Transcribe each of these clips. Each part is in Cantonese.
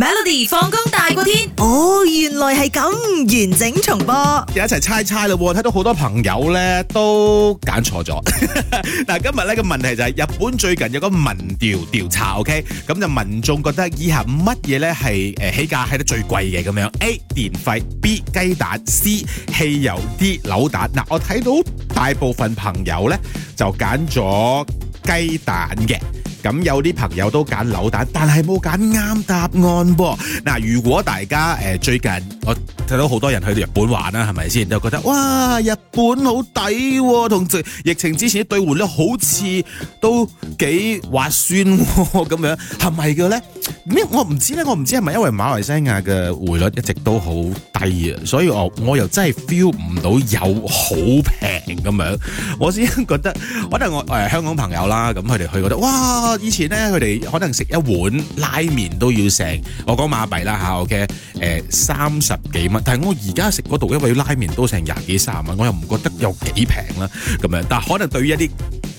Melody 放工大過天，哦，原來係咁，完整重播，又一齊猜猜咯，睇到好多朋友咧都揀錯咗。嗱， 今日呢個問題就係、是、日本最近有個民調調查，OK，咁就民眾覺得以下乜嘢咧係誒起價喺得最貴嘅咁樣？A 電費，B 雞蛋，C 汽油，D 扭蛋。嗱， 我睇到大部分朋友咧就揀咗雞蛋嘅。咁有啲朋友都揀扭蛋，但係冇揀啱答案噃。嗱，如果大家誒、呃、最近我睇到好多人去日本玩啦，係咪先？都覺得哇，日本好抵喎，同疫情之前啲兌換率好似都幾划算喎，咁樣係咪嘅咧？咩？我唔知咧，我唔知係咪因為馬來西亞嘅匯率一直都好低啊，所以我我又真係 feel 唔到有好平咁樣。我先覺得可能我誒香港朋友啦，咁佢哋去覺得哇，以前咧佢哋可能食一碗拉麵都要成我講馬幣啦嚇，OK 誒三十幾蚊。但係我而家食嗰度因為要拉麵都成廿幾三十蚊，我又唔覺得有幾平啦咁樣。但係可能對於一啲。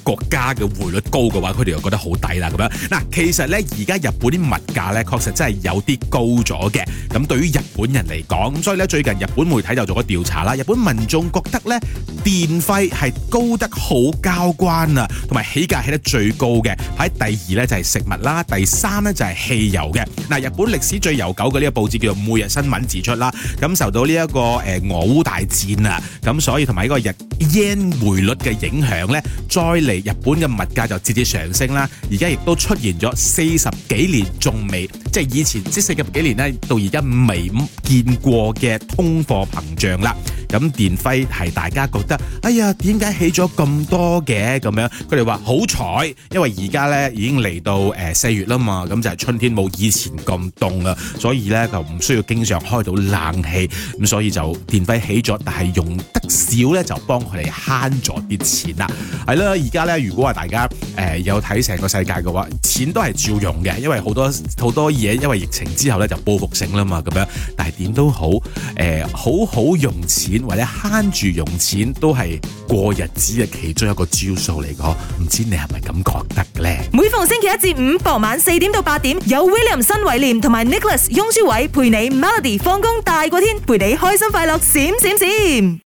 國家嘅匯率高嘅話，佢哋又覺得好抵啦咁樣。嗱，其實咧，而家日本啲物價咧，確實真係有啲高咗嘅。咁對於日本人嚟講，咁所以咧，最近日本媒體就做咗個調查啦。日本民眾覺得咧，電費係高得好交關啊，同埋起價起得最高嘅。喺第二咧就係食物啦，第三咧就係汽油嘅。嗱，日本歷史最悠久嘅呢個報紙叫做《每日新聞》指出啦，咁受到呢一個誒俄烏大戰啊，咁所以同埋呢個日 yen 匯率嘅影響咧，再嚟。日本嘅物價就節節上升啦，而家亦都出現咗四十幾年仲未，即係以前即係四十幾年咧，到而家未見過嘅通貨膨脹啦。咁電費係大家覺得，哎呀點解起咗咁多嘅咁樣？佢哋話好彩，因為而家呢已經嚟到誒四月啦嘛，咁就係春天冇以前咁凍啦，所以呢就唔需要經常開到冷氣，咁所以就電費起咗，但係用得少呢，就幫佢哋慳咗啲錢啦。係啦，而家呢如果話大家誒、呃、有睇成個世界嘅話，錢都係照用嘅，因為好多好多嘢因為疫情之後呢就報復性啦嘛，咁樣。但係點都好誒、呃，好好用錢。或者慳住用錢都係過日子嘅其中一個招數嚟嘅，唔知你係咪咁覺得咧？每逢星期一至五傍晚四點到八點，有 William 新偉廉同埋 Nicholas 雍舒偉陪你 Melody 放工大過天，陪你開心快樂閃閃閃。閃閃閃閃